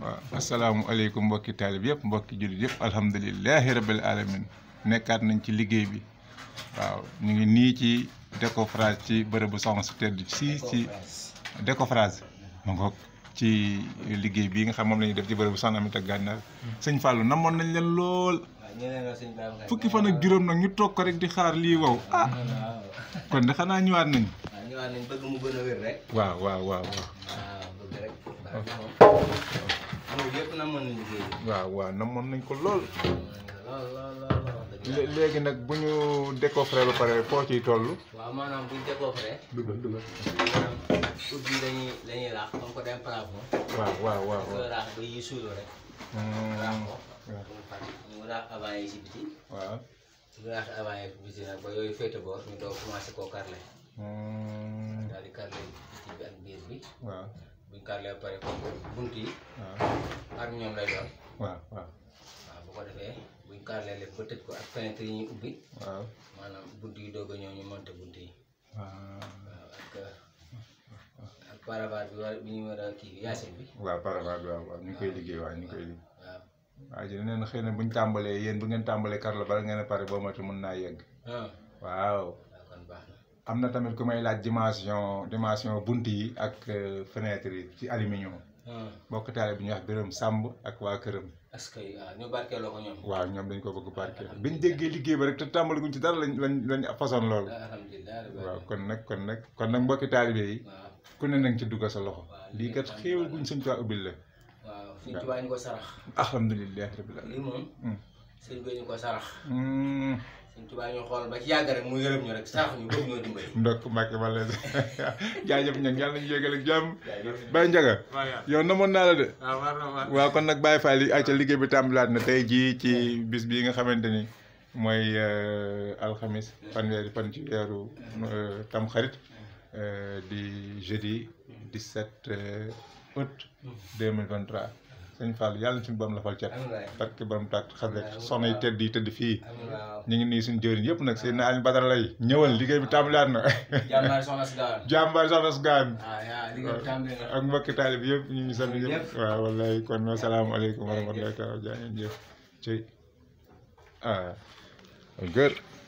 waaw asalaamualeykum mbokki taalib yëpp mbokki jullit yëpp alhamdulilahi rabil alamin nekkaat nañ ci liggéey bi waaw ñu ngi nii ci décoffrage ci bërëb bu soxna su tedd si ci décoffrage ma ngoog ci liggéey bii nga xam moom la def ci bërëb bu soxna Aminta Gànnaar sëñ Fallou namoon nañ leen lool fukki fan juróom nag ñu toog ko rek di xaar lii wow ah kon de xanaa ñëwaat nañ waaw waaw waaw yëpp namoon nañ waaw waaw namoon nañ ko lool. léegi nag bu ñu décoffré ba pare foo ciy toll. waaw maanaam bu ñu décoffré. dugal dugal. maanaam ubbi dañuy dañuy raax comme que day plafond. waaw waaw waaw waaw raax ba yi suulu rek. raax ko. mu raax avant yi si biti. waaw. mu raax avant yi biti nag ba yooyu féete boor ñu doog commencé koo carrelé. daal di carrelé biti bi ak biir bi. waaw. buñ kàllee ba pare bunt yi. waaw ah. ak ñoom lay doon. waaw waaw. waaw ko defee buñ kàllee lépp ba tëj ko ak fenêtre yi ñuy ubbi. waaw maanaam bunt yi doog a ñëw ñu monté bunt yi. waaw ak ak parabar bi war bi ñu war a kii yaasin bi. waaw parabar bi waaw waaw ñu koy liggéey waaw ñu koy liggéey. waaw. waaw neen xëy na buñ tàmbalee yéen bu ngeen tàmbalee kar la bala ngeen a pare boo moytu mën naa yegg. Ah. waaw. am na tamit ku may laaj dimension dimension bunt yi ak euh, fenêtre yi ci aluminium. Hmm. mbokk taale bi ñu wax Birame Samb ak waa këram. est-ce que euh, ñu barkeeloo ko ñoom. waaw ñoom dañ ko bëgg barkeel bi ñu déggee liggéey ba rek te tàmbalaguñ ci dara lañ lañ lañ façon loolu. Ah, waaw kon nag kon nag kon nag mbokki taalibe yi. ku ne nañ ci duggal sa loxo. lii kat xéewal guñ sëñ Tuubaa ubbil la. bi ñu ko sarax. suñ tubaab ñu xool ba ci yàgg rek mu yërëm ñu rek sax ñu bëgg ñoo dimbali. ndokk yégal ak jàmm. Baye naa la de. Ah, waaw kon nag Baye Fall yi ayca liggéey bi tàmbalaat na tey jii ci bis bii nga xamante ni mooy euh, alxamis fanweeri fan ci weeru euh, tam xarit euh, di jeudi 17 août 2023. Mm. sëñ Fall yàlla na suñu la fal cat barke borom tàkk xasde soxna yi tedd yi tëdd fii ñu ngi nii suñu jëriñ yëpp nag seen na Alioune Badara ñëwal liggéey bi tàmbaliwaat na jàmbaar soxna si gaan ah, ak mbokki taalib yëpp ñu ngi sant ñëpp waaw wallaay kon asalaamaaleykum wa rahmatullahi taala jaa ngeen jëf cëy ah.